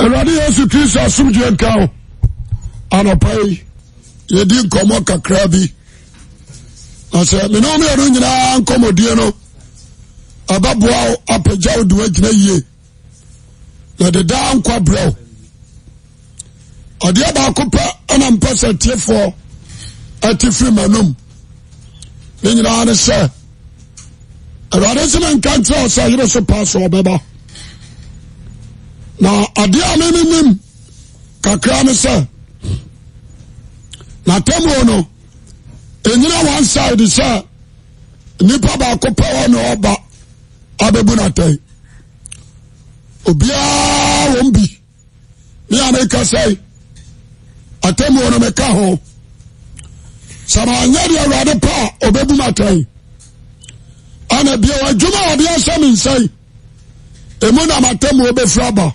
awurade yesu kristo asomgyee nkao anɔpayi yɛdi nkɔmmɔ kakra bi na sɛ menemomeyɛnu nyinaa nkɔmɔdie no ɛbɛboa o apagya wo duwa gyina yie nadedaa nkwa brɛo ɔdeɛ baako pɛ ana mpɛ sɛ tiefoɔ ati firi manom ne nyinaa ne sɛ awurade nsemenka nkyrɛwo sɛ yere so pass ɔ bɛba na adeɛ a memenim kakra ne sɛ natamuo no ɛnyina on side sɛ nipa baako pɛwɔ meɔba abɛbu natɛe obiaa wɔn bi me ane kasɛe atamuo no meka hɔ sɛmanyɛdeɛ awurade paa ɔbɛbu matɛe anabiaa adwuma ɔdeɛsɛ minsɛi emu namaatamuo bɛfra aba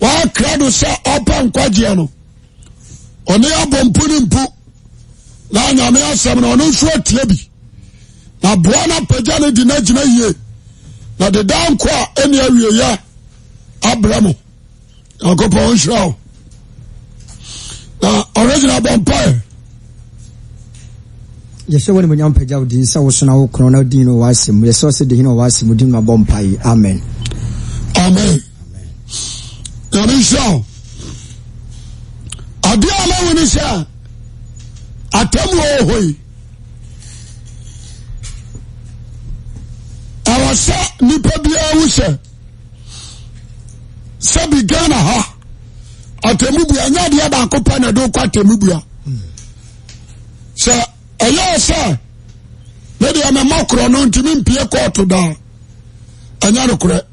waakrado sa ɔpa nkwagyea no ɔne yɛbɔ po ne pu na yame asɛmna ɔno nsoro tia bi naboa no pagya no di nagina hie na deda nkɔ anuwieɛ rm nkɔha origina bɔpayɛɛae amen name nso adeaa ma wene sɛ atamu ohei abasa nipa biawa wu se sɛ biga na ha atamu bua anya adeɛ baankopa na dorokɔ atamu bua sɛ ɛyɛ sɛ medeɛ memɔ korɔ no intimimpie kɔ to daa anya nokore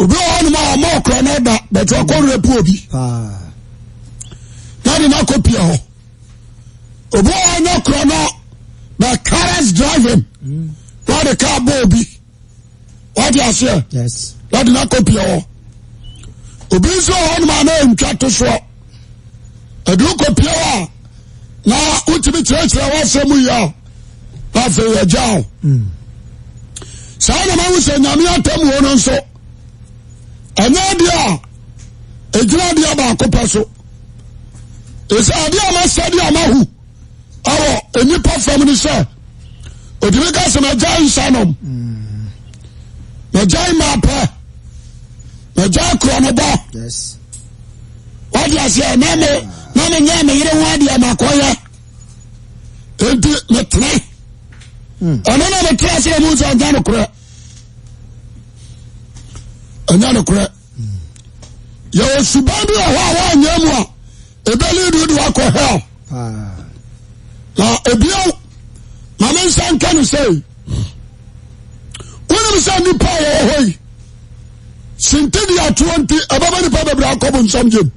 obi wɔ hɔnom a ɔma ɔkora no da bɛtɛ ɔkɔwerɛ pu obi ah. na de no akɔ pie hɔ obi wɔ hɔ nyɛ korɔ the carers driving mm. na de kaa bɔ obi wɔde aseɛ na de no akɔ pie hɔ obi nso wɔ hɔnom a na ɛntwa to soɔ ɛde wokɔ pie hɔ a na wotumi kyerɛkyerɛ wɔsɛ mu yɛ na afei yɛgya wo mm. saa na ma wo nyame atam wɔ no nso ɛnyɛ deɛ a ɛgyina deɛ baako pɛ so ɛsɛ adeɛ a masɛdeɛ a mahu awɔ nnipa fam no sɛ ɔtumi ka sɛ magyae nsanom magyae maapɛ magyae korɔnobɔ wode aseɛ na me na menyɛ me yere ho adeɛ makɔyɛ enti metene ɛno hmm. na metere aserɛ mu sɛ ɔnya nokorɛ enyalekre yowe subadiahaha nyamua ebeledewde wako hel na obi mamansankenu sei onemiseni pa ohoi sintik ya tuonty abamenipababraakomonsomyem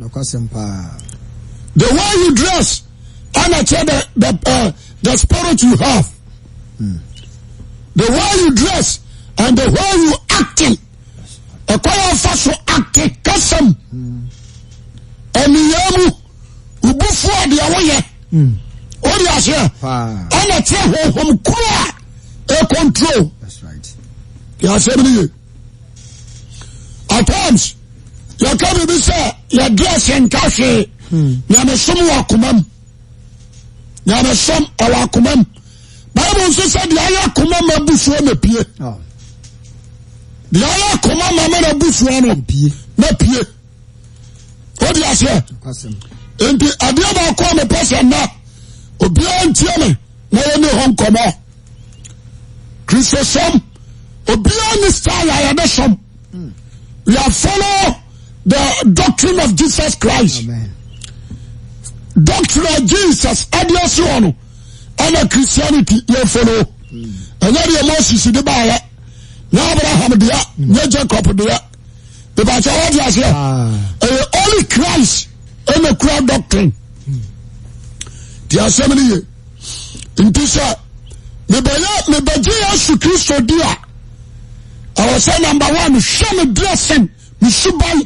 the ay you dress andache the uh, sporat you have hmm. the way you dress and the way you acti ɛkɔyɛɔfa so ati kasam aniya mu obufoo adeɛwoyɛ hmm. odi asea ɛnɛte homhom koroa acontrol asɛ mine ye attimes yɛka bibi sɛ yɛdeasɛnka hwee nyamesom wakomam nyamsom wɔakomam bible so sɛ de ayɛ akoma m abusoo na pie oh. dayɛ koma mamɛ na bu suano na pie odiasɛ nti abiɔbakomepesonna oia ntieme yne hnkɔ krisesom obiaa ne sta yyade som ya hmm. follo the doctrine of jesus christ doctrine of jesus adeaso hɔno ana christianity yɛfolo hmm. ɛndemɔ siside bayɛ bamapol crist nekra doctrine deasɛmineye ntisɛ mebaye yesu kristo dia awsɛ numbe onehwe mebrasen mesubai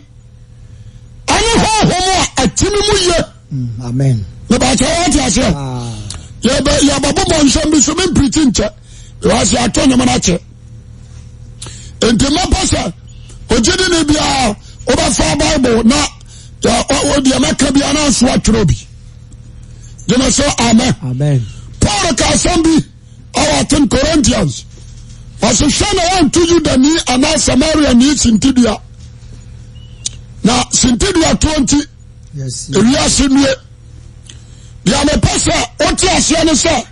ne hohoma time mu ye mm, ebsɛ baoeyk enti mɛpɛ sɛ ogye di ne bia wobɛfa bible na odiɛmɛka bia na nsowatorɛ bi gene sɛ ame paul ka asam bi awaten corintians asohwɛne ɔntoyu dani ama samaria ne sintidua na sntiduato nti ri se nue deamɛpɛ sɛ woteaseɛ no sɛ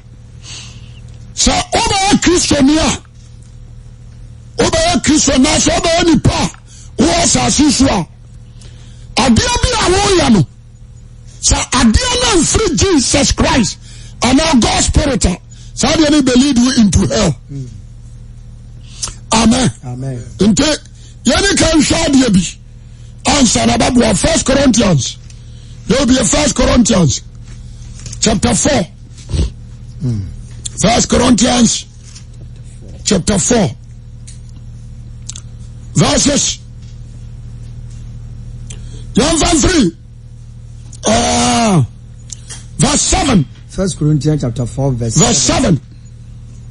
sɛ wobaa kristonia wobɛɛkristonsɛ bɛa nipa woɔsa susu a adeɛ i aho yɛ no sɛ adeɛ no mfre jesus christ ana go spirit a sa a deɛ ne belead wi into hell ame nte yeni kem hwɛ adeɛ bi ansa na baboa firs corinthians ɛbiɛ firs corintians chapte fo hmm. firs corintians chapte fo verses yɛmfa mfiri uh, verse seven. First Corinthians chapter four verse. verse seven.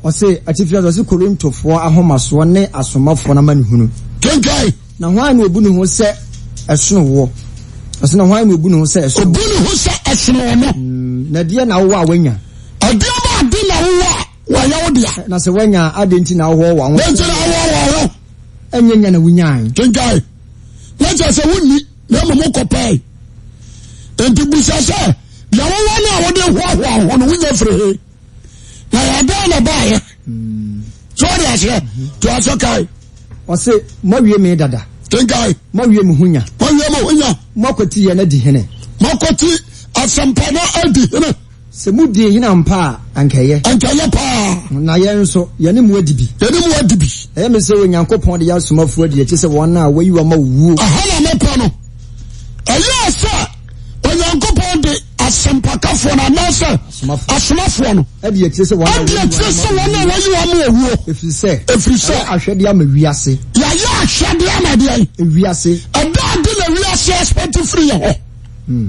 ɔse atifi ase ɔse korintofoɔ ahomasoɔ ne asomafoɔ n'amanihunu. kenkai. na hwan na obu ne ho sɛ ɛsono wɔ ɔse na hwan na obu ne ho sɛ ɛsono. obu ne ho sɛ ɛsono na deɛ na awowɔ a wanya. ɛdeɛ bá adi na awowɔ a wɔyɛ wo dea. na sɛ wanya adi nti na awowɔ wɔ àwọn ɛnyɛ nya na wonyae kenkae wakyɛ sɛ wonni na mmom wokɔpɛe enti busa sɛ deɛ wowɔ no a wode hoahoa ho no wonya firi he na yɛdɛn na baayɛ hmm. sɛ wode aseɛ toa sɛ kae ɔse moawie me dada kenkae moawie me ho nya moawie me ho nya moakɔti yɛ na di hene moakɔti asɛmpa no adi hene sɛ mu die yina mpa a ankɛyɛ ankɛyɛ paa na yɛn nso yɛne mu adibi yɛne mu adibi ɛyɛ me sɛ onyankopɔn de yɛasomafoɔ adi akyi sɛ wɔn a wayi wama wuo aha na mɛpa no ɛyɛ sɛ onyankopɔn de asɛmpakafoɔ no anaasɛ asomafoɔ no adi akyire sɛ adi akyire sɛ wɔn a wɔyi wɔn mu owuo ɛfiri sɛ ɛfiri sɛ ahwɛdeɛ ama wiase yɛayɛ ahwɛdeɛ ama deɛ wiase ɛda ade na wiase aspɛnti firi yɛ hɔ hmm.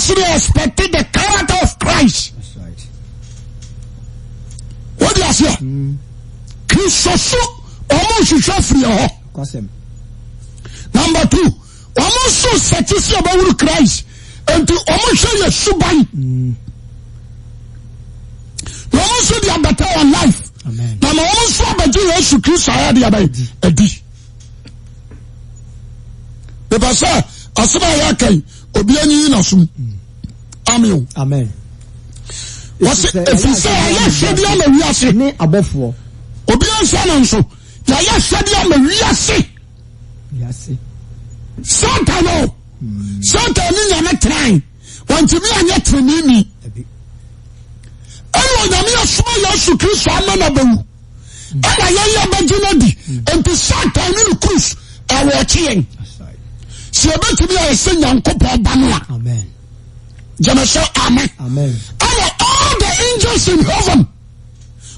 sexpecte the aracter of christ dise kritoso omo sese friyeho number two omso setisewro christ nt om seye suba mso daetenlife mso aeyesu risto d epese asomwake obia nyiyi nasom ame o wɔse ɛfiri sɛ yɛyɛ hwɛdeɛ ama wiase ne abɔfoɔ obia nsa no nso yɛyɛ hwɛdeɛ ama wiase satan o satan ne nyame tenae wɔntumi anyɛ tereneni ɛne onyame asoma yesu kristo ama no bɛwu ɛna yɛyɛ bɛgye no di mm. enti satan ne no krus ɛwɔ ɔkye sɛ yɛbɛtumi ayɛ sɛ nyankopɔn ba no a gyama sɛ amen ɛna all the angels in heaven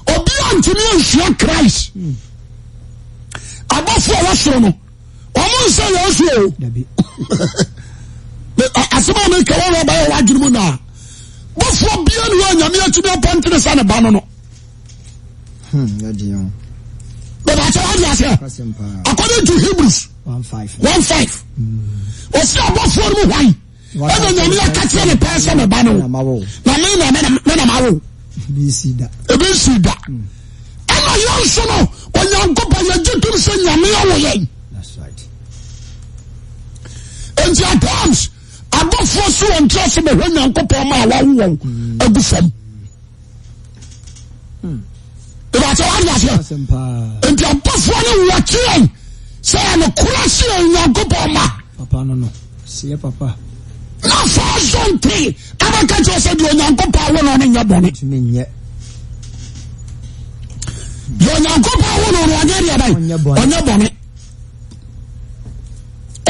obi a ntumi ansua christ abɔfoɔ a wɔsoro no ɔmo nsa yɛasu o asɛm a meka wɔwɔ bɛyɛ wɔadwene mu noa bɔfoɔ bia ne wɔ nyame atumi apɔntene sa ne ba no no bɛbɛkyɛ wode aseɛ according to hebrews one five. one five. Hmm. osi abɔfoɔ no mu hwan ɛna nyame aka kyerɛ ne pɛɛ sɛ meba no na me na me na ma wo ebi nsi da ɛna hmm. yɛn nso no onyankopɔn yɛgye tom sɛ nyame awo yɛn nti at times abɔfoɔ so wɔn kyerɛ sɛ bɛhwɛ nyankopɔn ma a wawo wɔn agu hmm. fam ìbàtɛ wà ní àfẹ nti abɔfoɔ no wɔkyerɛ sɛ nokora se onyankopɔn ma na saa so nte abɛka kyerɛ sɛ deɛ onyankopɔn wo no ne nyɛ bɔne deɛ onyankopɔn wo no no ɔnyɛ deɛ bɛn ɔnyɛ bɔne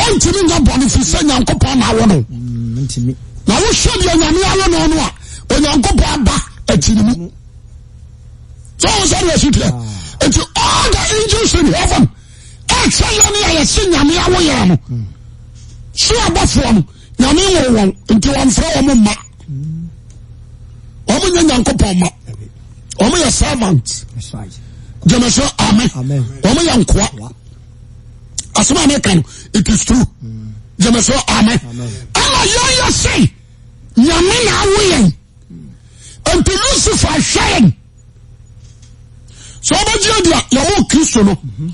ɔntumi nyɛ bɔne firi sɛ nyankopɔn na wo no mm, na wohwɛ deɛ onyame awo no no a onyankopɔn aba akyiri mu sɛ wo sɛ deɛ asitirɛ ah. nti all the angels in heaven akyɛ yɛ ne yɛyɛsi nyame awoyɛ no so abɔfoɔ no nyame wɔ wɔn nti wɔmfrɛ wɔn mma wɔn nyɛ nyankopɔn mma wɔn yɛ servant gyeme so amen wɔn yɛ nkoa asoma a meka no it is true gyeme so amen ɛna yɛyɛ se nyame na awoyɛ nti lucifer ahwɛ yɛn sɛ ɔbɛgyina deɛ yɛwɔ kristo no. Mm -hmm.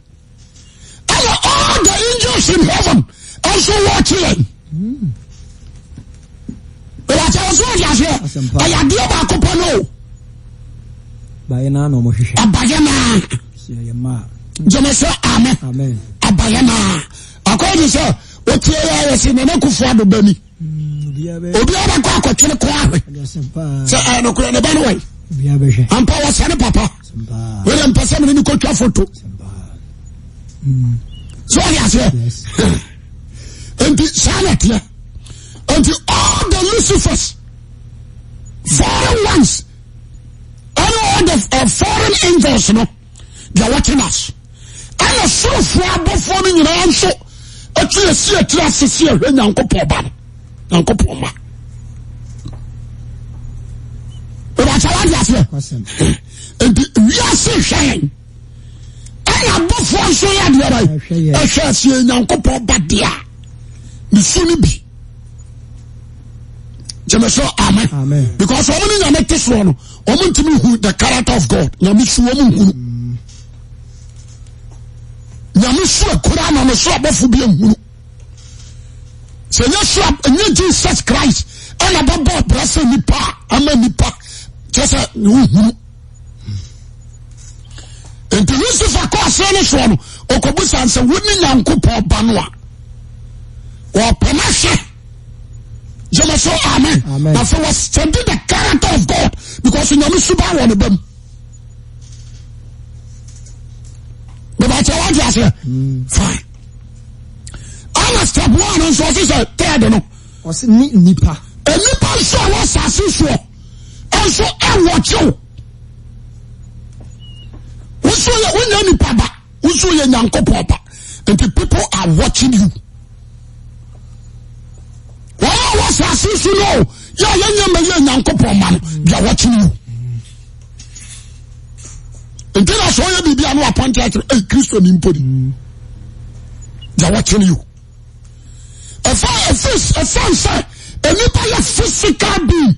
were all the angels in heaven also watching. Ìyàtí ọ̀sán ọ̀dì àṣẹ ọ̀yàdí ọba àkọ́pọ̀ náà. Bàyẹ̀ náà nà ọmọ hwehwẹ. Àbàyẹ̀ náà. Jẹ́mi sọ amẹ́. Àbàyẹ̀ náà. Àkọ́yìn sọ, o tiẹ̀ yẹ ẹ̀yẹ sí nínú kùfù àdùbẹ́ mi. Obi ọba kọ́ àkọ́tún kọ́ àwẹ̀. Sẹ ẹ̀ nìkúrẹ́ ní bá ní wọ̀nyí. Ampa wọ sani papa. Wẹ́n mpẹ́sẹ́ mi ní kò twa foto. sodesɛ nti sanateɛ nti all the lucifers foreign onc ɛnea te uh, foreign angeles no dyawotinas ane sorofoa bofo no nyina nso ateasiatira seseɛhwɛ nyankopban nyankopma baawdesɛntiwiasehw yɛabɔfoɔ nso yɛ adeɛra ɛhwɛ aseɛ nyankopɔn ba deɛ a ne su no bi gyeme so amen because ɔmo ne nyame te soɔ no ɔmo ntumi hu the character of God nyame su ɔmo nhunu nyame su akora na ne so abɔfo bi nhunu sɛ ɛnyɛ so ɛnyɛ Jesus Christ ɛna bɛbɔ ɔbrɛ sɛ nipa ama nipa kyerɛ sɛ ne wohunu nti lucifer kɔ asrɛ no soɔ no ɔkɔbu sane sɛ wo ne nyankopɔn ba no a wɔpɛma hwɛ gyama so amen na the character of god because nyame suba wɔ ne bam bɛbakyɛ woagye aseɛ mm. fine ana step one no nso ɔse sɛ tɛɛde no ɔse ne nipa nipa nso a wɔ asase soɔ ɛnso ɛwɔkyew woso yɛ wonya nipa ba woso yɛ nyankopɔn ba nti people are watching you wɔn a wɔsase so no yɛ a yɛnyɛ ma yɛ nyankopɔn ma no they are watching you nti na sɛ ɔyɛ biribi a no apɔnte akyerɛ ɛyi kristo ni mpo ni they are watching you ɛfa ɛfis ɛfa nsa enipa yɛ physical being.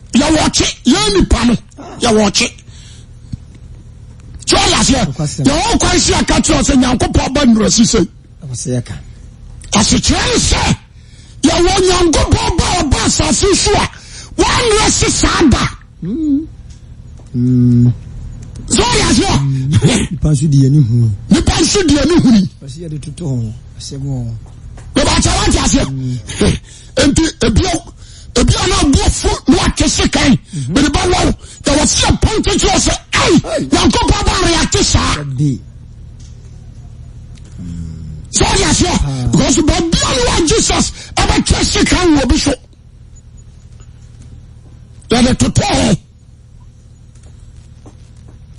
yɛwɔkye yɛn nipa no yɛwɔkye tí wọn laseɛ yɛwɔ kwan si akatua sɛ nyankopɔn ba nnura sise asekyerɛ sɛ yɛwɔ nyankopɔn ba ɔba asase so a wɔnnura sisaa da tí wọn laseɛ hmm. nipa nso di yɛn ni huni nipa nso di yɛn ni huni wɔsi yɛ de toto wɔn wɔsi yɛ mu wɔn bɛbɛ akyɛ wɔn ti aseɛ nti ebiɛw. ebi mhm. a náà bú fún ní wàtí sikan bèrè bá wọ́n yà wọ́n sí ẹ̀pọ́n títí wọ́n sọ ẹ̀yì yàn kó bá bá rẹ̀ àti sá. sọ́ọ́dì àṣẹ because bẹ̀bí àlùwà Jesus ẹ bẹ tẹ sikan wọ bí so yàrá tuntun ọ̀hún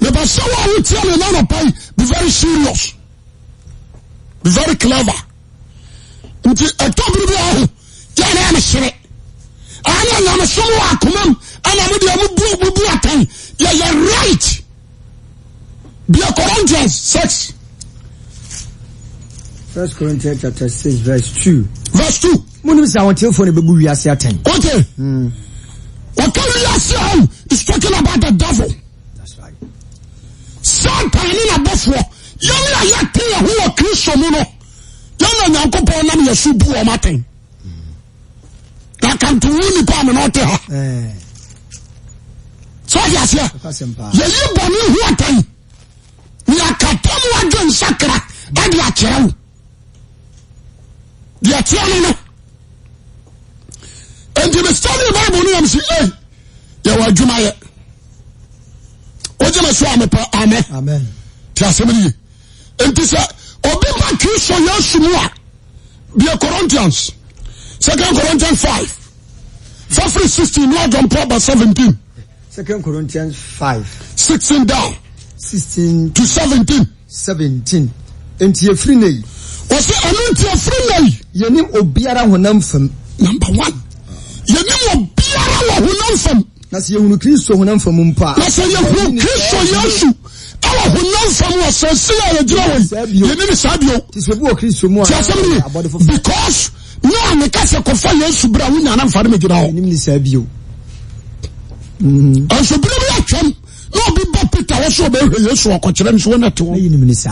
yàrá sẹ́wọ́n àwọn tí a lè nánà pa yìí be very serious be very clever nti ẹ̀tọ́ biribi ọ̀hún yàrá yà ni sẹ́rẹ̀. ɛna nyamesom wɔ akoma m ɛna mode mubu mubu atan yɛyɛ right bia corinthians 6 First Corinthians chapter 6 verse 2. Verse 2. Munim sa wọn tilfo ne bebu wiase atɛn. Okay. Mm. Ɔka wiase hɔ is talking about the devil. That's right. Satan ne n'abɔfoɔ yɛn a yɛte yɛn ho wɔ Kristo mu no yɛn na Nyankopɔn nam yɛ so bu wɔn atɛn. kan eh. so hiasia yeyi bonehoate miakatamuwajunsakira adiaterao deatianono enti bestadibible ne yamse yawo jumaye wojeme soa me pa ame tiasemiriye inti sɛ obepa kristo ya asumowa bia corintians seond corinthians 5ie fafiri sixteen ní ọjọ́ mpọ́ ọba seventeen. second corinthians five. sixteen down. sixteen to seventeen. seventeen nti efiri na yi. wọ́sẹ̀ ẹnu nti efiri na yi. yẹni obiara honam fam. number one yẹni obiara wọ honam fam. na sɛ yɛhunu kristo honam fam mpa. na sɛ yɛhunu kristo yesu ɛwɔ honam fam wɔ sɛ si a yɛgyina wɔ yi yɛni ni saa bio. ti sɛ bi wɔ kristo mu a. ti asɛm ni because ní àmì kásẹ̀ kò fọ́ yẹn subira wọ́n nyàná nfa mi gyina hɔ. ẹni mi sẹ́ bi o. ọ̀sùnbìrì mi àtwẹ́m ní òbí bá pété àwọn sọ̀rọ̀ bẹ́ẹ̀ hwẹ̀ Yesu ọ̀kọ̀kyerẹ́ mi sọ wọ́n ti wọ́n. ẹyin mi ni sá.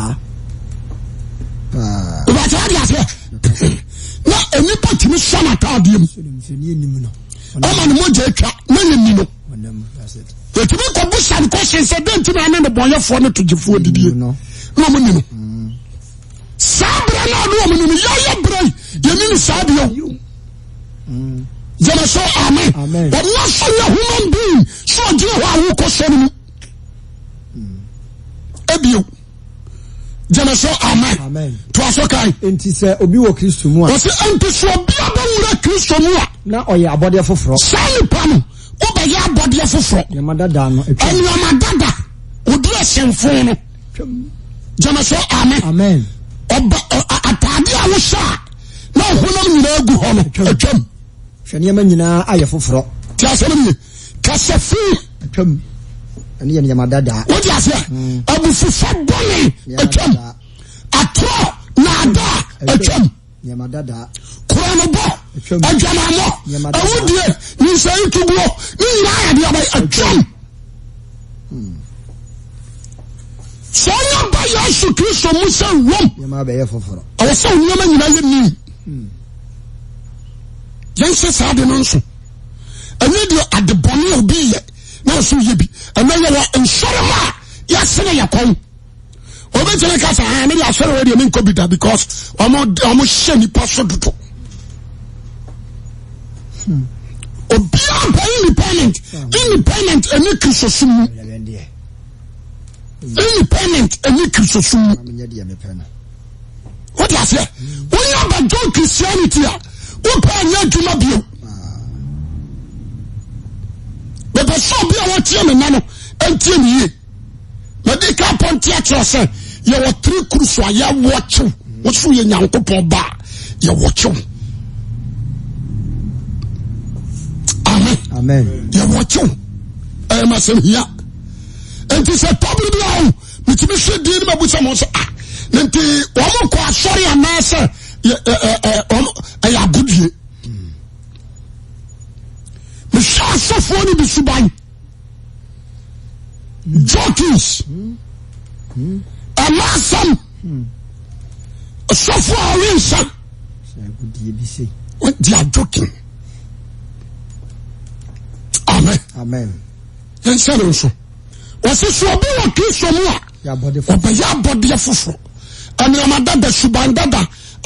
ìbàtí wàá di àfẹ́ na enipa tìmí sọ́nà táàdì mu ọmọ ni mo jẹ etwa ne yẹ ninu ètùmí kò bú sani kò sẹsẹ dẹ́ntì náà ne bọ̀ yẹ fọ́ ne tujì fún odidi yẹ ní ọmọ ninu sáà bẹrẹ náà ní ọmọ ninu mm. yọ yẹ bẹrẹ yìí yɛnim saa deɛ yɛmɛ sɛ amen ɔna sɛ yɛ human being sɛ ɔgyina hɔ a wokɔ sɔ no mu ebio gyeme sɛ amen toa so kae enti sɛ obi wɔ kristo mu a ɔsɛ enti sɛ obi abɛwura kristo mu a na ɔyɛ abɔdeɛ foforɔ saa nipa no wobɛyɛ abɔdeɛ foforɔ nneɛma dada no nneɛma dada odi ahyɛmfo no gyeme sɛ amen amen ɔba wɛnea yina ayɛ ofoɛy mm. mm. syy yɛnsɛ saa de no nso ɛnedeɛ adebɔne obiyɛ nenso yɛ bi ɛmɛyɛw nsɔrema a yɛseneyɛkɔnɛeededa u mohyɛ npa so dodo hmm. iaa baindpendent indpendent an krisomindependent ane kriso somu wdeasɛ woya aba christianity a wopɛ ne adwuma bi mɛpɛsɛ bi a wɔteɛ mena no antiemiye mɛde kapɔnteɛteɛ sɛ yɛwɔ teri kuro so a yɛwo kye wooyɛ nyankopɔn baa yɛwɔ ke n yɛwɔ kye ɛmasɛm hia nti setembre biao metimi hwɛ din ne mabu sɛmosɛ ah, nti ɔmokɔ asɔre anasɛ yagodie meswe sofuo ne bi suban jokins amasam sofo awensa dia jokin am ensen nso wose soobiwokesomua obeya bodeɛ foforo anerama dada suban dada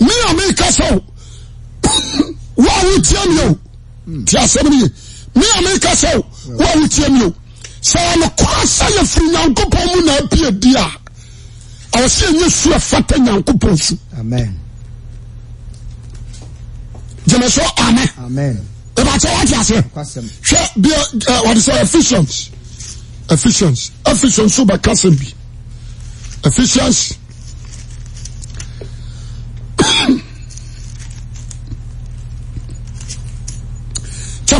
me a meka sɛ o wo a wotia mi o a asɛm no ye me a meka sɛ o wo a wotia mi o sɛ anokora sɛ yɛfiri nyankopɔn mu na apie di a ɛwɔ sɛ ɛnyɛ su ɛfata nyankopɔn su gyeme so amen ɛbakyɛ woate aseɛ hwɛ bia eh, wɔde sɛ Ephesians Ephesians Ephesians so bɛka sɛm bi Ephesians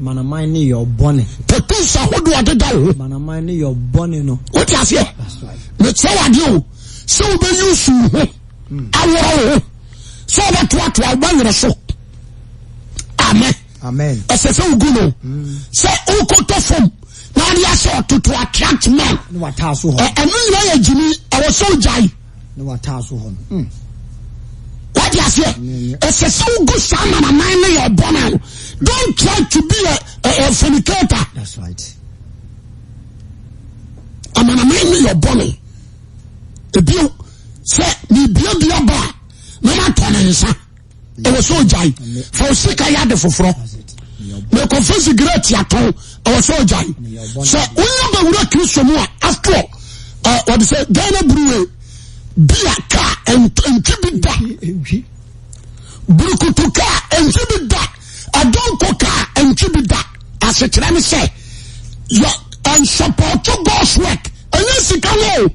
manaman ne yɛ ɔbɔne tatons ahodoɔ deda wo manaman ne yɛ ɔbɔne no wote aseɛ mekyerɛ wadeɛ o sɛ wobɛyi suu ho aworɔ wo ho sɛ wobɛtoatoa wobɛwerɛ so amen amen ɛsɛ sɛ wogu no hmm. sɛ wokɔtɔ fam na wode ahyɛ ɔto to attract man ɛno nyina yɛ gyimi ɛwɔ sɛ wogyae ne wataa so hɔ e, e, no deasɛ esesɛ wogo sa manama neyɛ bɔne don try to be phoniculte amanama ne ybone i sɛ me bio bia baa mematonensan wsya fsika yade foforo fesraatsa s oye bawura aterisomua atodesɛ dane burwe bia ka ntwi bi da burukoto ka ntwi bi da adonko ka ntwi bi da asekyerɛ me sɛ nsupotu goswe ɛnɛsika m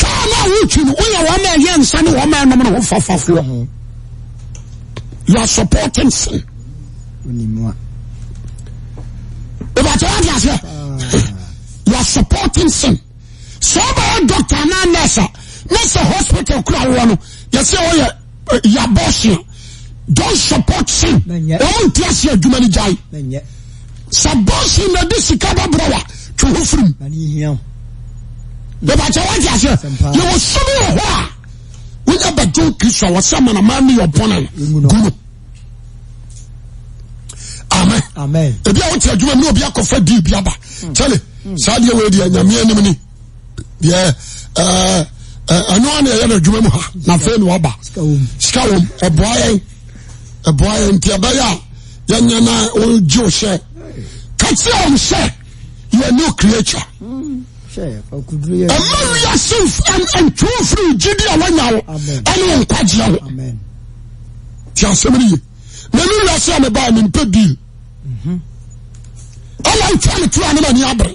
ka na wo twino woyɛwana yɛ nsane ɔmanomnofafaf yo supportn senb ah. ya supportn sen sɛ wobɛwɛ dɔkta nanasa ne sɛ hospital krawwa no yɛsɛ wɔyɛ yabsea donsɛpɔ kyeɔwontease adwuma no ya sɛbse nade sika rwawhfrim bwanteaseɛyɛwɔsomi ɔ hɔ a wonya bado krisoɛana ɛ ɛnoane yɛyɛne adwuma mu ha nafe ne wba skam ɛboayɛ yɛ nti ɛbɛyɛ yɛyana wogyew sɛ kateɛ wom sɛ youar no creature ama ria santwo fri gidi a wonyawo ane wonkwadyeawo ti asɛm reye manewasɛaneba nempɛ di ama ntwane toranema neabere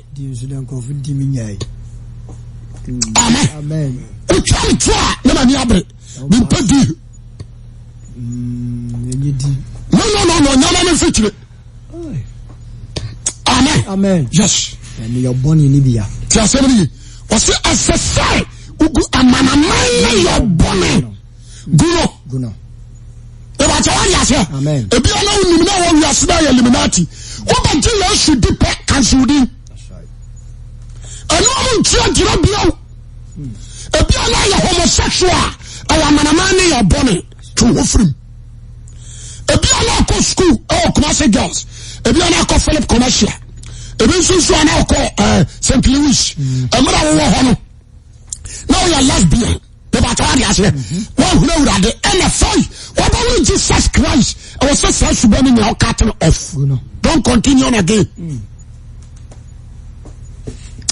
ame wutane tua nemaniabere mipedi mm, nennno yanane fe khire amen yes tiasemineye ose asesai wugu amanamane yobone guno obata e wayase ebiana woniminewa wiasena ye liminati wobegi lo se di pe kan sudin ɛnom ntua gyina biao ebia A yɛ homosexual a ɛwɔ amanama ne yɛ bɔne to hɔ firim ebia na akɔ school ɛwɔ Kumasi girls ebia na akɔ Philip commercial ebi nso nso a na akɔ ɛɛ eh, St Louis ɛmira wɔwɔ hɔ no na ɔyɛ lesbian bàtà wà di ase wọn hun ewurade ẹnna fọyì wọn bá wọn Jesus Christ ẹ wọ sẹ sẹ ẹ ṣùgbọ́n mi ni ọ ká tẹ ẹ fún don continue on again. Mm.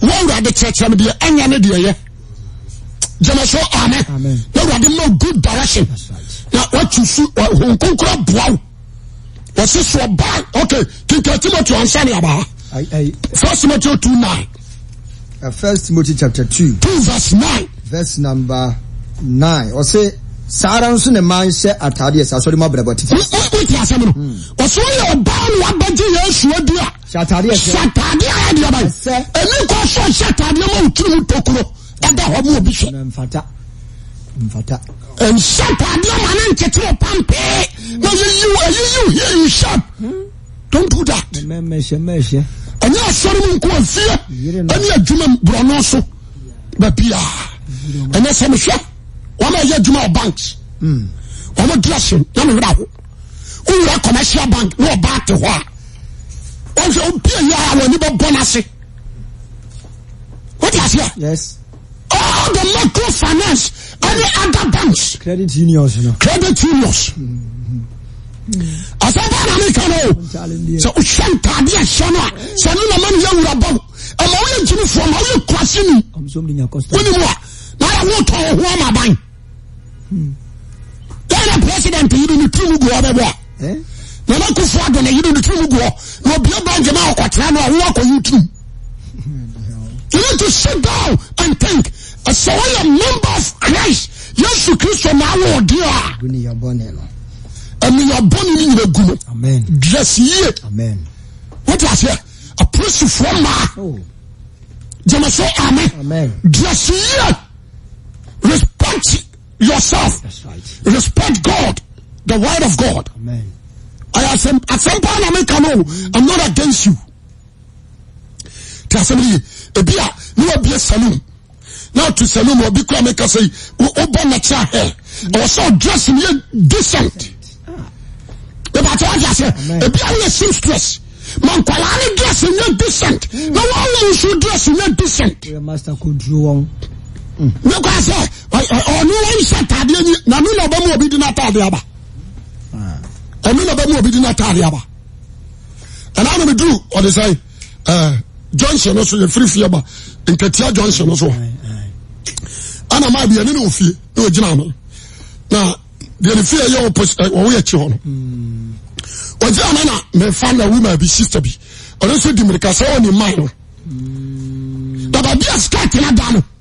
wọn wurade kyerɛkyerɛ mi deɛ ɛnyɛ ne deɛ yɛ jẹmọ sọ amen na wurade ma good direction na watu su ɔhun kunkura buaw wɔsi sɔ baa ok kinkan timothy ɔnsa ni aba first timothy two nine. Uh, first timothy chapter two. two verse nine. verse number nine ɔsɛ saa ara nso ne maa nhyɛ ataadeɛ saa sɔre mu abrabɔ titi. o ti ase no ɔsoro hmm. yɛ ɔbaa ni wabɛgye yɛn esuo di a. hyɛ ataadeɛ sɛ ataadeɛ ayɛ deɛ ba e yi ɛni kɔ sɔ hyɛ ataadeɛ ma otiri mu tokuro ɛda hɔ mu obi hyɛ. mfata mfata. nhyɛ ataadeɛ ma ne nketewa pampee hmm. na yiyiw eyiyiw hiyiw hmm. hyɛ don't do that. mɛmɛhyɛ mɛhyɛ. ɛnyɛ asɔre mu nko afie ɛni adwuma burɔno so bɛ pia ɛnyɛ sɛ mehwɛ wọn bɛ yɛ adwuma wɔ banks wọn bɛ di ase yɛn mi wura ho wọn wura commercial bank No ɔbaa ti hɔ a wọn fɛ obi eyi a wɔn ni bɛ bɔ n'ase wọ́n ti ase yɛ all the microfinance any other banks credit unions no credit unions hmm. asọ́fà náà mi kan o sɛ o hyɛ ntaade ɛhyɛ no a sɛ ne nama ne yɛ wura bɔ ɛmɛ o yɛ jimifo ɔmɔ o yɛ kurasi ni wọ́n ni mu a n'ayɛ wọ́n tɔ ɔhún ɔmɔ aban. ene president yerenetgboa nkfatoutb youn to sit down an tink sooy member of crist yesu kristo nda aninn yg desye t apresi f ma meso am desyees yourself. That's right. Respect God, the word of God. Amen. I at some point I make no, I'm not against you. Ti assembly, ebia, ni obi saloon. Now to saloon will be come make us say, "We open a chair was Also dress in decent. The battle I say, ebia we seamstress. Man kwala ni dress in decent. Mm. No one should dress in decent. Your Master could control one ko mekɔ sɛ ɔno wanhyɛ tadeɛ nyi na no na ɔbɛma obi di no atadeɛ aba ɛno ah. na ɔbɛma obi di no atadeɛ aba ɛna na meduru ɔde sɛ johnson no so yɛfiri fie ba nkatia johnson no so ana ma biane ne ofie na ɔgyina no na deɛ ne fie yɛ ɔwo yɛkyi hɔ no hmm. ɔgyina no na mefa na woma bi sister bi ɔno nso di mmirika sɛ ɔne mae no dabaabi hmm. a sika tena da no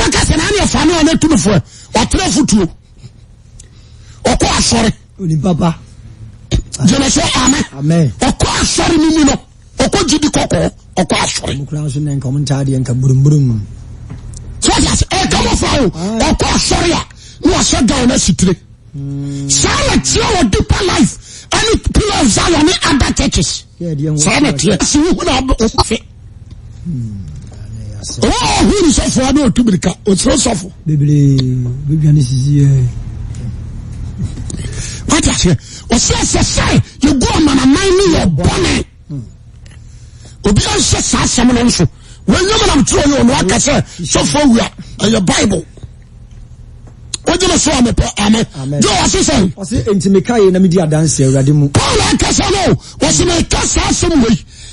trfoto k asreenes kasre nmi kidi ok km ko asore nasodansitre same tieo dpa life an pulaone ae taches ɔhuru sɔfoɔ ne ɔtu mirika ɔsere sɔfo wate aseɛ ɔsɛ sɛ sɛ yɛgu amanaman ne yɛ bɔne obi anhyɛ saa asɛm no nso wanyam nam turo yɛ ɔno aka sɛ sɔfoɔ wia ɛyɛ bible wogyina so amepɛ amɛ gye ɔse sɛn ɔse enti mekae na medi adanse awurade mu paul aka sɛ no ɔse meka saa asɛm wei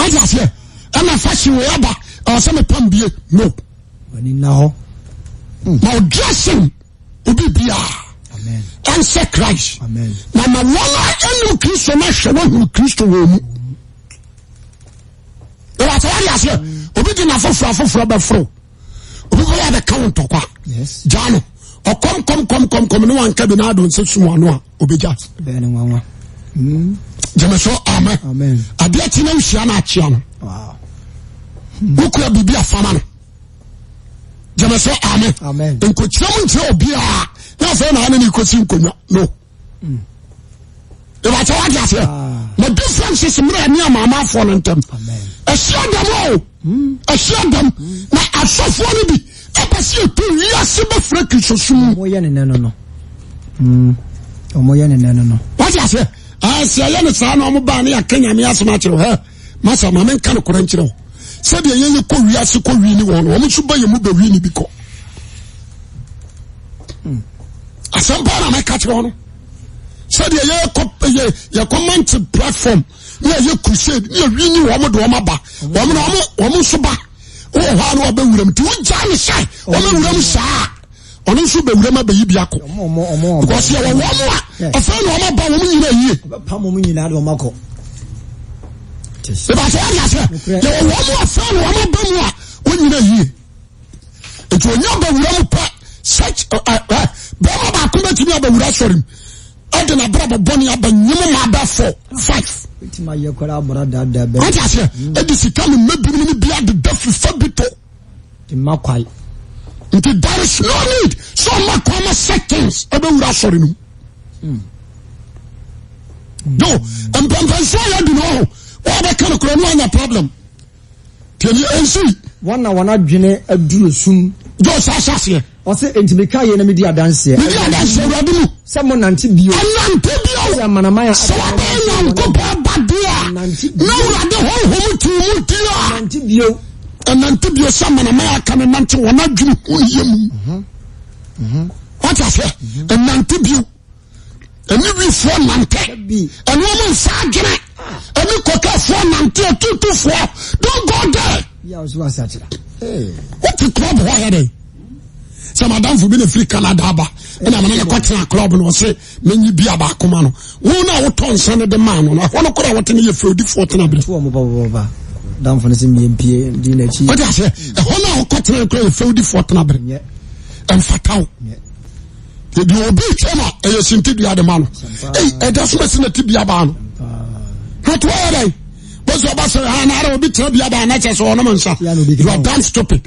wadi aseɛ ɛna fashion wei aba ɛwɔ sɛ mepam bie no wani hmm. na hɔ na ɔdressing obi biara ɛnsɛ christ na ma wɔn a ɛnum kristo no ahwɛ no ahuru kristo wɔ mu ɛwɔ sɛ wadi aseɛ obi di na foforɔ afoforɔ bɛforo obi kɔ yɛ bɛka wo ntɔkwa gyaa no ɔkɔm kɔm kɔm kɔm kɔm ne wanka bi na adɔ nsɛ sum ano a obɛgya gyemeso amen adeɛ ti na nhyia no akyea no wokura biribi afama no gyemeso amen nkokyerɛ mu nkyerɛ obiaa na afei na ane ne kɔsi no ìbàtà wà jà fẹ na differences mìíràn ní àmà àmà afọ ní ntẹm ẹsẹ ẹdẹm o ẹsẹ ẹdẹm na asọfọ ni bi ẹ si ètò yasi bẹ fẹrẹ kìí sọsùn. ọmọ yẹ ni nẹnu nọ ọmọ yẹ ni nẹnu nọ. wà jà fẹ sɛ yɛ ne saa na ɔmo baa ne yɛka nyame asɛm akyerɛ hɛ masa ma menka no kora nkyerɛ wo sɛdeɛ yɛyɛ kɔ wi ase kɔ wi ne wɔ no ɔmo nso ba yɛ mu bɛwi ne bi kɔ asɛm paa na mɛka kyerɛ hɔ no sɛdeɛ yɛyɛ yɛ yɛkɔ mante platform ne yɛyɛ crusade ne yɛwi ne wɔ ɔmo de ɔmo aba ɔmo na ɔmo ɔmo nso ba wɔ hɔ a na ɔbɛwura mu nti wogyaa ne hyɛ ɔmo awura mu saa ɔno nso bɛwura ma bɛyi bi akɔ because yɛwɔ wɔn a ɔfɛn na ɔmo ba wɔn nyinaa yie. pam wɔn nyinaa de ɔmo akɔ. ìbáṣe yà sẹ yɛwɔ wɔn a ɔfɛn na ɔmo mu a wɔn nyinaa yie etu onyaa bɛwura mu pa such ɛ ɛ baako bɛtumi abɛwura sɔrɔ mu ɛdi na abiraba bɔnni aba nyimu ma aba fɔ five. ma yɛ kɔrɔ abara daadaa bɛɛ. wọ́n ti sika ni mẹ́bi ni bi adi dẹ́fi fẹ́ bi tó nti there is no need So ɔma kɔ ama seconds ɛbɛwura asɔre no mu do mpampanso a yɛadu no ɔho wɔbɛka no korɔ no anya problem tiani ɛnsi wɔn na wɔn adwene aduru sum jɔ saa hyɛ aseɛ ɔsɛ nti meka yɛ na medi adanseɛ medi adanseɛ awurade mu sɛ mo nante bio ɛnante bio sɛ amanaman a sɛ wabɛyɛ nyankopɔn ba deɛ a na awurade hɔhom tuu mu deɛ a nante bio ɛnante bio sɛ manama aka no nante wɔn adwene ho yɛ mu wata fɛ ɛnante bio ɛne wifoɔ nante ɛne ɔmo nsa adwene ɛne kɔkɛfoɔ nante atutufoɔ don go there wote club hɔ yɛ dɛ sɛ madamfo bi na firi canada aba ɛna mene ne kɔtena club no ɔse menyi bia baakoma no wo na wotɔ nsa no de maa no no ɛhɔ no kora wɔte no yɛ fɛodifoɔ tena berɛ danfo ne se miempie di n'akyi. wọ́n ti àṣẹ ẹ̀họ́ ah, náà ọkọ tẹ̀lé kura yẹ fẹ́wọ́dì fọ́ tẹ̀lé abẹ́rẹ́ ẹ̀nfàtàwọ̀ ebi obi twẹ́ ma ẹ̀yẹ sinti bi adama no ẹ̀yẹ ẹ̀dá sọ́mọ̀ sí n'eti bi aba no hàtú ọ̀yẹ dẹ̀ bó sọ ọba sọ̀rọ̀ hàn ara obi tẹ̀lé bi aba n'akyẹ sọ ọ̀nàmọ̀ nsa you are damn stupid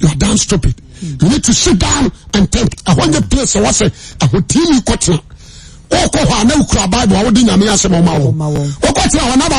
you are damn stupid you need to sit down and think ẹ̀họ́ nyẹ place ẹ̀wọ́ sẹ̀ ẹ̀họ́ tìmí kọ́ tẹ̀lé ọkọ̀ hàn náà kura báyìí wọ́n di nyàmé asẹ́mọ̀ ọ̀ma wọ́n ọkọ̀ tẹ̀lé àwọn náà bá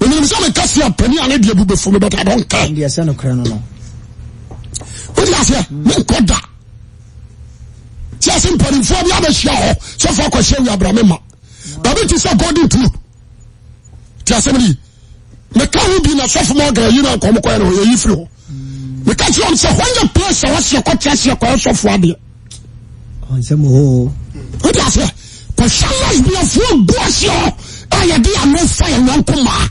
menim sɛ mekase a pani ane deɛ bi bɛfu mebɛta dɔnka wode aseɛ menkɔ da ti ase mpanimfoɔ bi abɛhyia hɔ sɛfo akɔhyɛ wi abrame ma baabi te sɛ golden tour ti asɛm ne meka ho bi na sɔfo ma ɔgra yi no nkɔm kɔɛ no yɛyi firi hɔ meka kyerɛ ɔm sɛ hɔnyɛ place a wɔseɛ kɔte aseɛ kɔɛ sɔfo adeɛ wode aseɛ kɔhyɛ lesbiafoɔ gu aseɛ hɔ a yɛde ano fa yɛ nyɔnko maa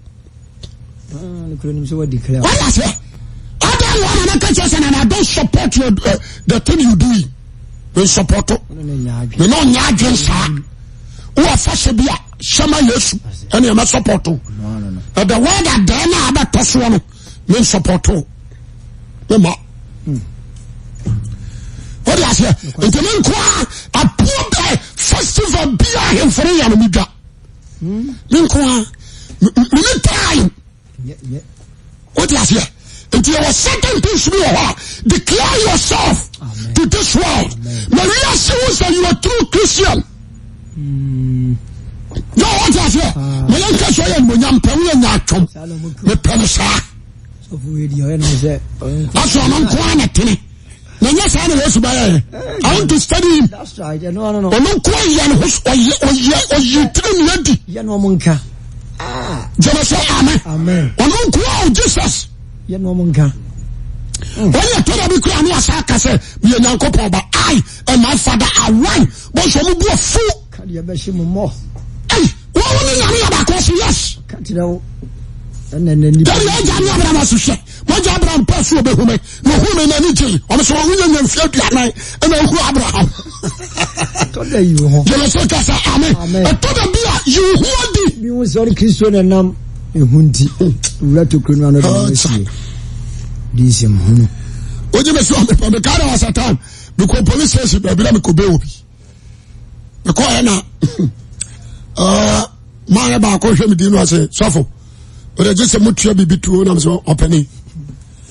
desɛ oer one ankakɛsɛnndon support uh, the tin you doi mesuptmene nya dnsaa afasɛ bia sɛma yesu anema supot e nadanabɛtɔso no mesupot a ɛ nti menkoa apu b festival bi ahemforoya no medwa mea menet oteasɛ ntiyw setan tinsbihɔ declare yoursef to this world awiasmo seo tr christian ts yees yɛ ya paynya tmepɛsaa asno ant ysananerna jẹmẹ sẹ amen ọ̀nà nkúwa o jesus hmm. wọ́n yẹ tọ́lá bí kúrò àánú àṣà kásẹ̀ bí yẹn nyankó pọ̀ ọba ayi ẹ̀ máa fada awan bọ́n sọ mo bu ọ fún. káàdì ẹ bẹ ṣe mo mọ. ẹyì wọ́n wọ́n ní yàrá yàrá kọ́ sí yẹ́sì. kàtìrẹ́wò ẹ̀ nà ẹ̀ nà nípa. dẹ́bi ẹ̀ jà ní abẹ́rẹ́ bá sùn sẹ́ wagya abraham pɛ so obɛhume na ɔhume no ani gyei ɔme sɛ ɔwonya nya mfia aduanan ɛna ɔhu abraham yɛwɛ sɛ ka sɛ ame ɛtɔ da bi a yewohu adi bihu sɛ ɔde kristo no nam ɛhu nti wura tokuro no ano dɛsie de nsɛm ho no wogye me sɛ ɔmepɛ meka da wasa time mekɔ police station baabi na mekɔbɛ wɔ bi mekɔɛ na maayɛ baakɔ hwɛ medin no ase sɔfo ɔde gye sɛ motua biribi tuo nam sɛ ɔpɛne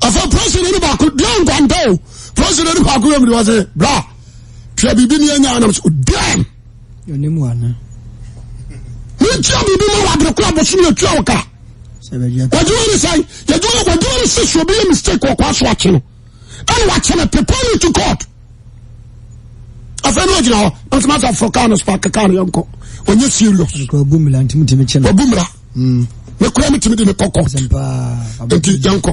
afa president ni baako diẹ nkwanta o president ni baako yẹ mu de wa se bra tia bibi ni enya anam so damn. yọni mu ana. ní tia bibi ma wà abirikun abosun yẹ tia ọka. wàjú wọn ni sáyé yàjú wọn wàjú wọn ni sísè obi yẹ mistake ọkọ aṣọ àkyẹ no ẹni wà kyẹ no prepare you to court. afẹ́ ni wọ́n gyina hɔ wọ́n ti ma sọ fún káànù sọ káànù yẹn nkọ wọ́n yẹ serious. ọkọ bumira ntumi tẹmi kyẹn. ọbumira mekura mi tẹmi di mi kọkọ nti yẹn kọ.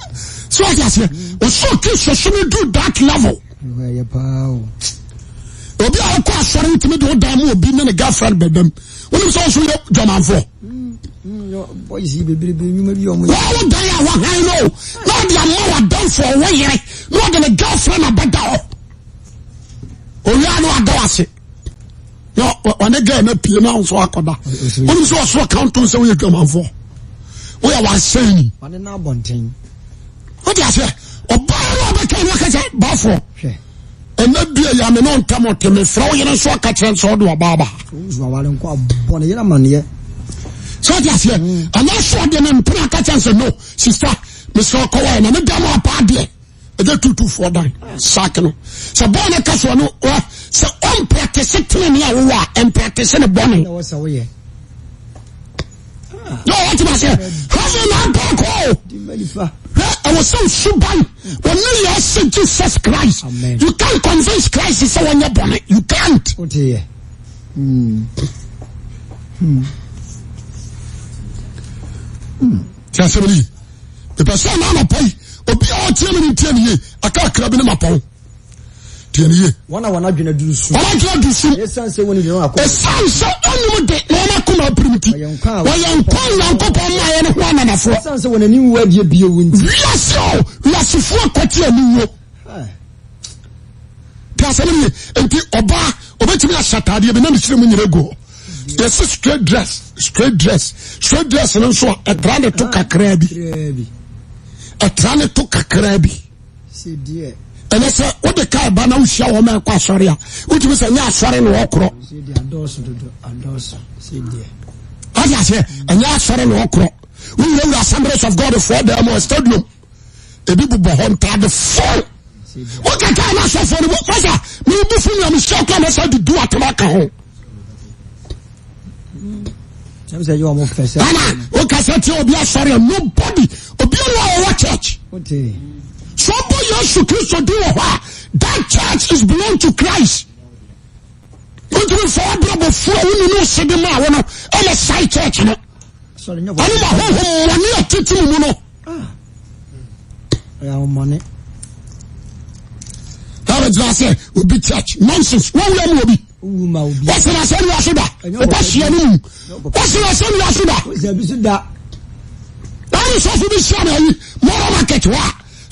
so wáyé aseɛ osu kí sosome do dark level. obi a ɔkɔ asɔre ntumi de ɔdan mu obi ne ne girlfriend bɛbɛm wɔn nso nso yɛ jɔmanfo. wọ́n wọ́n dan yà wọ́n hàn yín o wọ́n di àmọ́ wà dán fọ ọwọ́ yẹrẹ ní wọ́n di ne girlfriend abẹ́dá ọ. owia ni wà dán wà se wọn ne gẹ́ẹ̀ ne pie náà nso akɔda wɔn nso ɔsoro kanto nsɛm yɛ jɔmanfo wọ́n yà wà sẹ́yìn. wọ́n ní n'abọ̀ntẹ́yìn wọ́n di ase ọbaa náà ọbẹ̀ kẹ́ ẹ̀rọ kẹsẹ̀ báfọ̀ ẹ̀nà bíi ẹ̀yà mi náà ntẹ́ mọ̀ tẹ̀mẹ̀ fúra ó yẹrẹ nsọ́ kàkyẹ́ nsọ́ ọdún ọbaa bá. sọ di ase ẹ̀nà sọ ọdẹ mi mpẹ́rẹ́ kàkyẹ́ nsọ no sista mr ọkọwa ẹ̀nà mi dá mọ́ apá adìẹ ẹ̀dẹ́ tutu fọ́ dan sáàkì no sọ bọ́ọ̀ ní kásọ̀ no ọ sọ ọ mpẹ́tẹ́sẹ́ tẹ́lẹ̀ ní àwòwọ́ à mpẹ́tẹ́sẹ́ ní bọ́ọ̀nì. ní ọwọ́ tí ma ṣe hàn ɛwɔ sɛ osuban wɔne yɛ ase jesus christ you can convince christ sɛ wɔnyɛ bɔne you can't okay. mm. mm. mm. tiasɛmne yi mepɛ sɛ na anɔpa yi obi a ɔteɛ me no ntia ne ye akakra bi ne mapɔw tiẹni ye. wọn na wọn adwene duru sun. wọn adwene duru sun. esan se wọn ni de wọn esan se ɔnum de na wọn akɔ ma pirim ti. wɔyɛ nkwan wɔn kɔkɔ ɔmo ayɛ ne ho ananafoɔ. esan se wɔn anim wɔ adie bie wɔn ti. wiase o wiasefoɔ kɔte ɛmu wo. piasa ne mu ye nti ɔbaa obetumi ahyɛ ataadeɛ bi na ne sire mu nyere go. yɛsi straight dress straight dress straight dress ne nso a ɛtra ne to kakraa bi ɛtra ne to kakraa bi ɛnɛ sɛ wode ka ba na wohyia wɔ ma ɛkɔ asɔre a wotumi sɛ ɛnyɛ asɔre na wɔkorɔ ade aseɛ ɛnyɛ asɔre na wɔkorɔ wowurawura assemblies of god foɔ da mu stadium ebi bobɔ hɔ ntade fɔl wokaka na asɔfoɔ no masa mebu fo nyamehyia kora ma sa dudu atam aka ho ana woka sɛ tie obi asɔre a nobody obi no a ɔwɔ church sopo yesu kristo do wo hɔ a tat church is belon to christ otmfo wbraofu wonun sede mawono nɛ sai chuch nonomɔne aetim mu nɛnda so obisin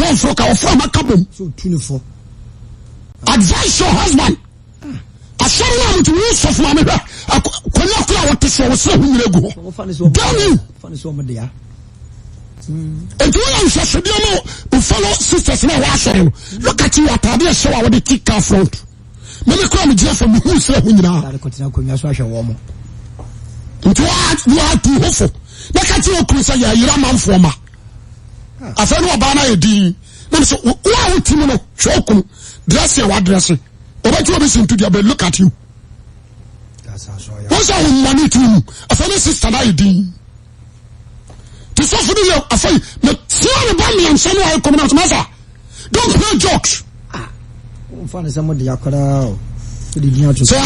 yẹn nso ka ọfọ ọmọ kábọm. so tu ni advise your husband. asọ́rọ̀ náà mo ti wú sọ fún mi hwẹ́ kọ́nyá kúrò àwọn tẹ̀sí ọ̀wọ́ sí ẹ̀hún yẹn gu hɔ. dẹ́ni. ètò wọn yàn sọ̀sọ̀ bí ọmọ òfòló sisters náà wà sọ̀rọ̀ look at you àtàdé ẹ̀ṣẹ̀ wà wọ́n di tí car front mímí kúrò mi jẹ́ fún mi hú sí ẹ̀hún nyinaa. nti wàá tu hófò bẹ́ẹ̀ ká tí o kùn sẹ́ yẹ ẹ̀yẹ́rẹ́ máa ń fọ́ ọ́ ma afei ne ɔbaa no ayɛ din nam sɛ wo a wotimi no hwɛ okum drɛse a woadrɛse ɔbɛti wobɛsi nto deɛ bɛ look at you wo sɛ wommɔne tiri mu afei ne sister no ayɛ din nti sɔfo no yɛ afei metea ne ba mmiɛnsa no ayɛ kɔmnat masa don't play jokes ah, sɛ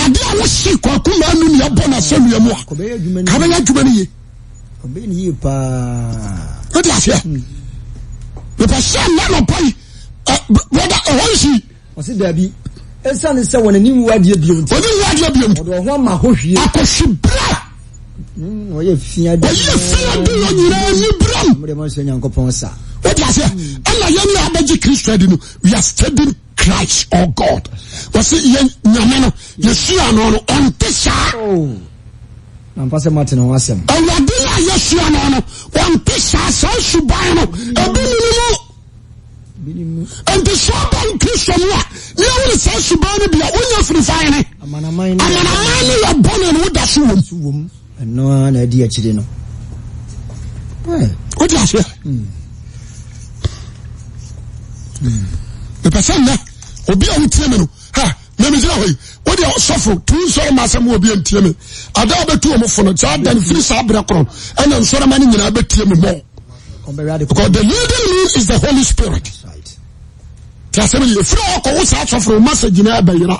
ade a wohye kwaako ma nu neabɔ no sɛ nnua mu a kabɛyɛ adwuma no ye wode aseɛ hmm nípa sẹ ẹ nánà pa yìí ẹ bọdà ẹ wọn si. ọsì dàbí ẹsàn sẹ wọn ní wíwádìí ebi omi. wọn ní wíwádìí ebi omi. ọdọ ọhún àmà hó hwie. akọsi bra. ọyẹ hmm, fiyan di. ọyẹ fiyan di yọ nyinaa hmm. ni bra. ọmọdé máa ń sọ yàn kọpọ sa. o ti a sẹ ẹ na yẹn ní abẹ́jì kristu ẹ̀dín no we are standing Christ or God wọ́n sẹ yẹn nyàmẹ́ no yẹ sùn àná ọ̀nà na mpa sɛ mate ne ho asɛm awurade a yɛsua no no wɔmpe saa saa suban no ɛbi mene mu enti sɛ ɔbɔ nkristo mu a ne ɛwone saa suban no bia wonya firifae ne amanaman no yɛbɔne no woda so wom ɛnoa na adi akyire no wode aseɛ hmm. mepɛ sɛ nnɛ obi a wotie me no mẹmísí àwọn yìí ó di sọfọ tún sọrọ máa sẹ mu obi ẹn tiẹ mi adá bẹ tu ọmọ fọnà sáà dàn firi sáà bẹrẹ kọrọ ẹnna nsọrọ ni nyinaa bẹ tiẹ mi mọ because the leading me is the holy spirit tí a sẹ mi yẹ ọkọ wọ sáà sọfọ o ma sẹ jìnnà ẹ bẹ yẹra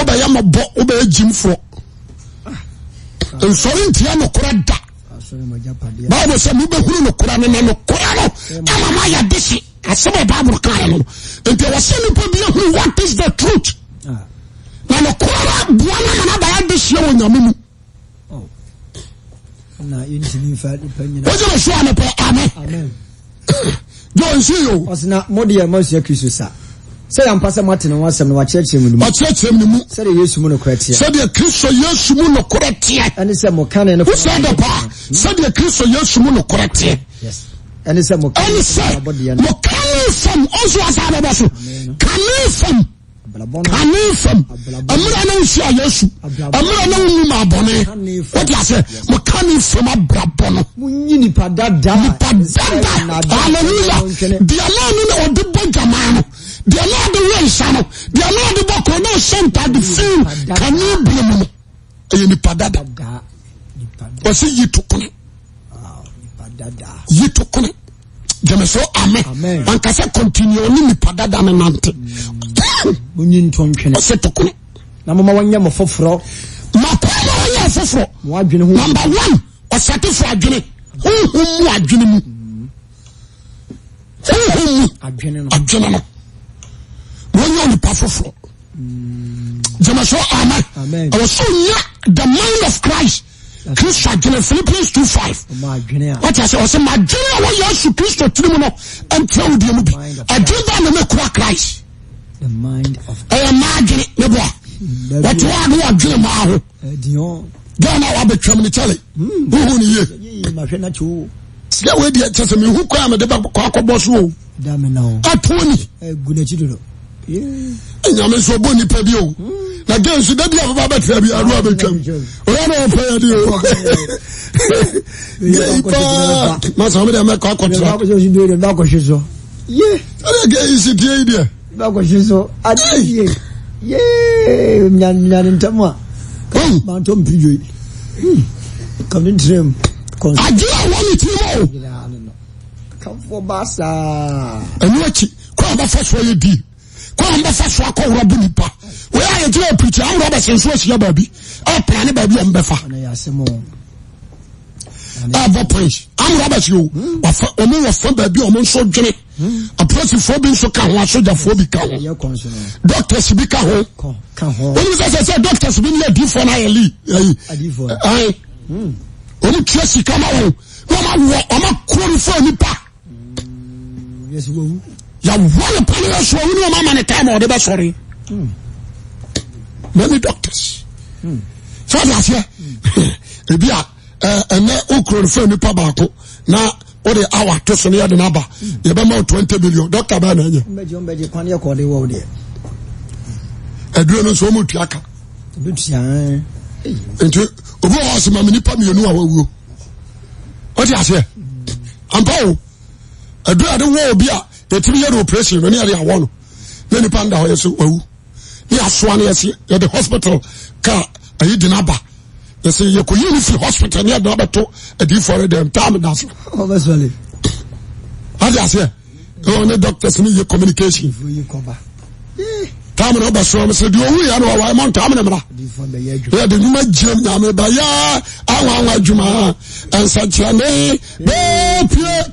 ó bẹ yẹ ma bọ ó bẹ yẹ jìm fọ nsọrọ ntìyà nìkúrẹ da. bible se mo behuru no kora mmeme kora no amamo aya dese asebe bible kaeno entiwose nupo bi who watis the trut memekrara boanamana baa desee wo yame muoseme suamep ame nsu sɛ yɛmpa sɛ moate ne ho asɛm no wakyerɛkyerɛ mu nomuwakyerɛkyerɛ mu nomu sɛdeɛ yesu mu nokorɛ teɛ sɛdeɛ kristo yesu mu nokorɛ teɛ ɛne sɛ mokane no wosɛ da paa hmm. sɛdeɛ kristo yesu mu nokorɛ teɛ ɛne sɛ mokane mokane fam ɔnso asa bɛbɔ so kane fam kane fam ɛmmerɛ na nsu a yesu ɛmmerɛ na wonu ma abɔne wode asɛ mokane fam abrabɔ no nipa dada haleluya deɛ ma no na ɔde bɔ gyamaa no biona ade wo nsa no biona ade bɔko ne sente de sem kanebremu no ɛyɛnipa dada sɛ yi tooni toon s nkasɛ ntnune nipadada nnn makoma wayɛ foforo namb o ɔsɛtefor adwene hohom mu adwenemu hohommu adwne no wɔnyɛ onipa foforɔ jamasɛ amen ɛwɔ sɛ nya the mind of christ kristo adwene philippians two five wɔte ase ɔsɛ ma adwene a wɔyɛ asu kristo tiri mu no ɛntra wo deɛ mu bi adwene baa na mɛkura christ ɛyɛ ma adwene ne boa wɔte hɔ ade wɔadwene maa ho ghana wabɛtwam ne kyɛle wohu ne yie sika wei deɛ kyɛ sɛ mehu koraa mede bɛkɔ akɔbɔ so o atoni ɛnyame nso ɔbɔ nipa bi o na gɛn nso dabi a baba bɛtena bi aro abɛtwam ɔyɛ na ɔpɛ yɛ de o gɛyi paa masa ɔmo de ɛmɛ kɔ akɔtena si tie yi deɛ bakɔhye so adeyie yee nyane ntam a mantɔ mpidwoi kame ntrɛm agye a wɔ ne tirim o kamfoɔ baasaa ɛno akyi kɔ a wọn bɛfa so akɔ wura bu nipa wɔyɛ ayɛ gyina apirikyi ahorow abɛsɛ nso ahyia baabi ɛpra ne baabi a mbɛfa ɛbɔ point ahorow abɛsɛ o wɔfa wɔn wɔfa baabi a wɔn nso dwene apolisifoɔ bi nso ka ho asogyafoɔ bi ka ho doctors bi ka ho wɔn nso sɛ sɛ doctors bi ne adiifoɔ na yɛ lii ɛyi ɛyi wɔn tia sika ma wɔn wɔn awɔ wɔn akorofo nipa yàwó ni pali yẹ sọ wọn hmm. ni wọn ama ni táìmù ọdẹ bẹ sọ̀rọ̀ yìí many doctors sáà dà fẹ ebi a ẹnẹ okuro ni fẹẹ nípa baako na o de awa to so ni yẹ de na ba yẹ bẹ ma o twenty million doctor bẹ na yẹ. ẹdúró ni sọ wọn tu aka nti obi wà ọsùn maami nípa mìínú àwọn ewúro ọ ti àṣẹ hmm. àmpá o ẹdúró yà de wọ obi a yɛtumi yɛde operation no ne yɛde awɔ no na nipa nda hɔ yɛ sɛ wawu ne yɛasoa no yɛsɛ yɛde hospital ka ayi di n'aba yɛsɛ yɛkɔyi no firi hospital ne yɛde abɛto adiifoɔ no dɛm taam da so oh, ade aseɛ ɛwɔ ne doctors no yɛ communication eh. taam na ɔbɛsoa m sɛ deɛ ɔwu yɛ no wɔwae mɔ ntaam ne mmra yɛde nnwuma gyam nyame bayɛ awawa adwuma ɛnsɛnkyerɛne bɛpie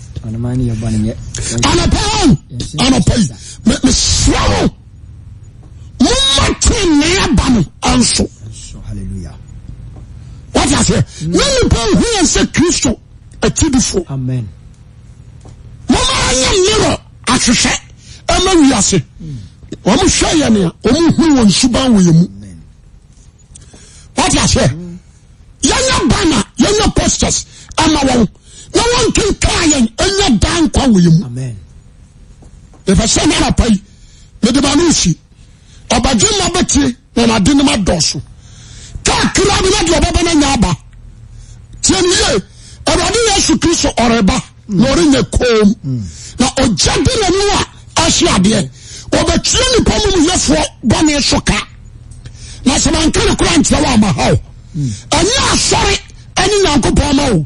ananapa meseraho momate nneɛ ba no anso wateasɛ ne nupa huɛn sɛ kristo atidi fo momaayɛ nero atwehwɛ ama wiase omohwɛ mm. yɛnea ɔmo hu wo nsubao yamu wateaseɛ yɛya mm. bana yɛnya postes ama wɔ na wɔnkenkaa yɛn ɛnyɛ daa nkwa wɔ yɛ mu ɛfɛ sɛ ne arapa yi mede ma no nsi ɔbagye ma bɛtie na nade nom adɔso kakra bi na deɛ ɔbɛbɛ no nya aba tiɛ no yie awurade yesu kristo ɔreba na ɔrenyɛ koom na ɔgya bi n'anim a ahye adeɛ ɔbɛtua nipa mu yɛfoɔ bɔne so ka na sɛ manka ne kora nkyerɛ wɔ ama haw ɛnyɛ asɔre ɛne nyankopɔn ma o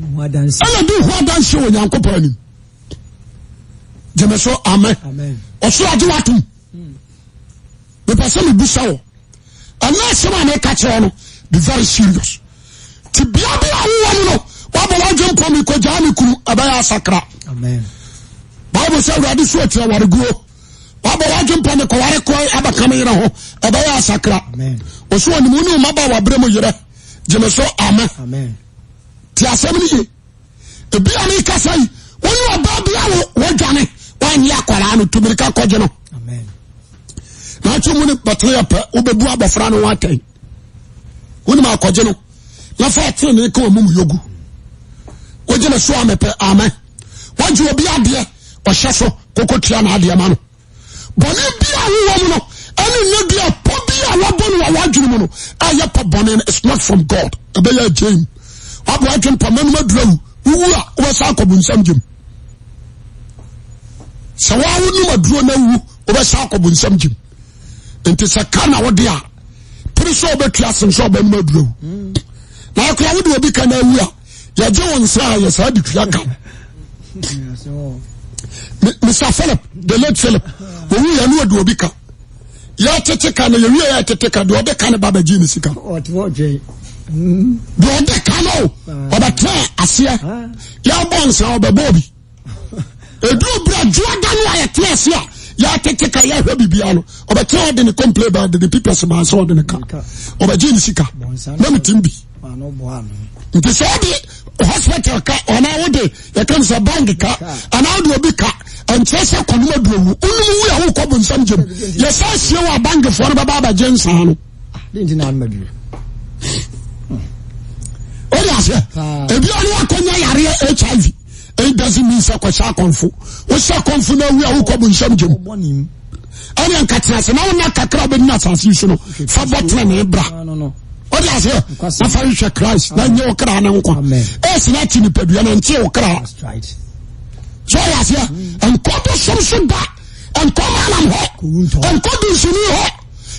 nedehodans yankupa ni imeso m r esesaka evere seri r asemine ye bian kase eba bi a o o o go abo atwe mpama no adura wo wowu a wobɛsa akɔ bonsam gyem sɛ woa wonom aduro no awu wobɛsa akɔ bonsam gyem nti sɛ ka na wode a pere sɛ wobɛtua asem sɛ wobɛnom adura wo na akora wode obi ka no awu a yɛgye wo nsa a yɛsaa de tua ka Mr. Philip the late Philip owu yɛne no obi ka yɛtete ka no yɛwie yɛtete ka deɛ ɔde ka ne ba bɛgye ne sika deɛ ɔde ka no ɔbɛtena aseɛ yɛbɔ nsa ɔbɛbɔ bi ɛduru bra dwoa da no a yɛtena ase a yɛatete ka yɛhwɛ biribia no ɔbɛtena ɔde complain ba de ne pipɛs maa sɛ ɔde ne ka ɔbɛgye ne sika na metim bi nti sɛ wode hospital ka anaa wode yɛkam sɛ bank ka anaa wode obi ka ɛnkyerɛ sɛ kɔnoma duowu wonom wu a wokɔ bo nsam gyem yɛsa sie wɔ abankefoɔ no bɛba abɛgye nsaa no o de ase ah. ebi ɔno akɔnya yare hiv eyi doesn't mean sɛ kɔhyɛ akɔnfo wohyɛ akɔnfo na awi a wokɔ bu nsɛm gyem ɛne nkatenase na wona kakra wobɛni no asase yi so no fa bɔ tenene bra ah, o ase na fa hwehwɛ christ na nyɛ wo ne nkwa ɛsi na akyi nipadua no nkyee wo kra so ɔyɛ aseɛ mm. nkɔ do soro so da nkɔ ma nam hɔ nkɔ do nsoni hɔ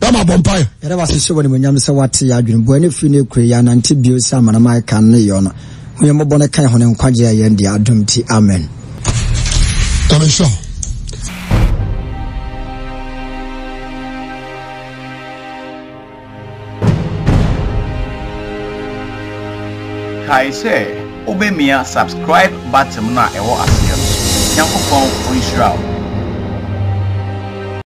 bɛma bɔ mpae yɛrɛ wasehye wɔ nimonyam sɛ wate yɛ adwene boa ne firi no ɛkure yɛ anante bio sɛ amanama ɛka ne yɛ no ho yɛ mmɔbɔ no ka ho ne nkwagye a yɛn deɛ adom ti amen kɔmehyɛ Kaise? sɛ wobɛmia subscribe button no a ɛwɔ aseɛ no nyankopɔn ɔnhyira wo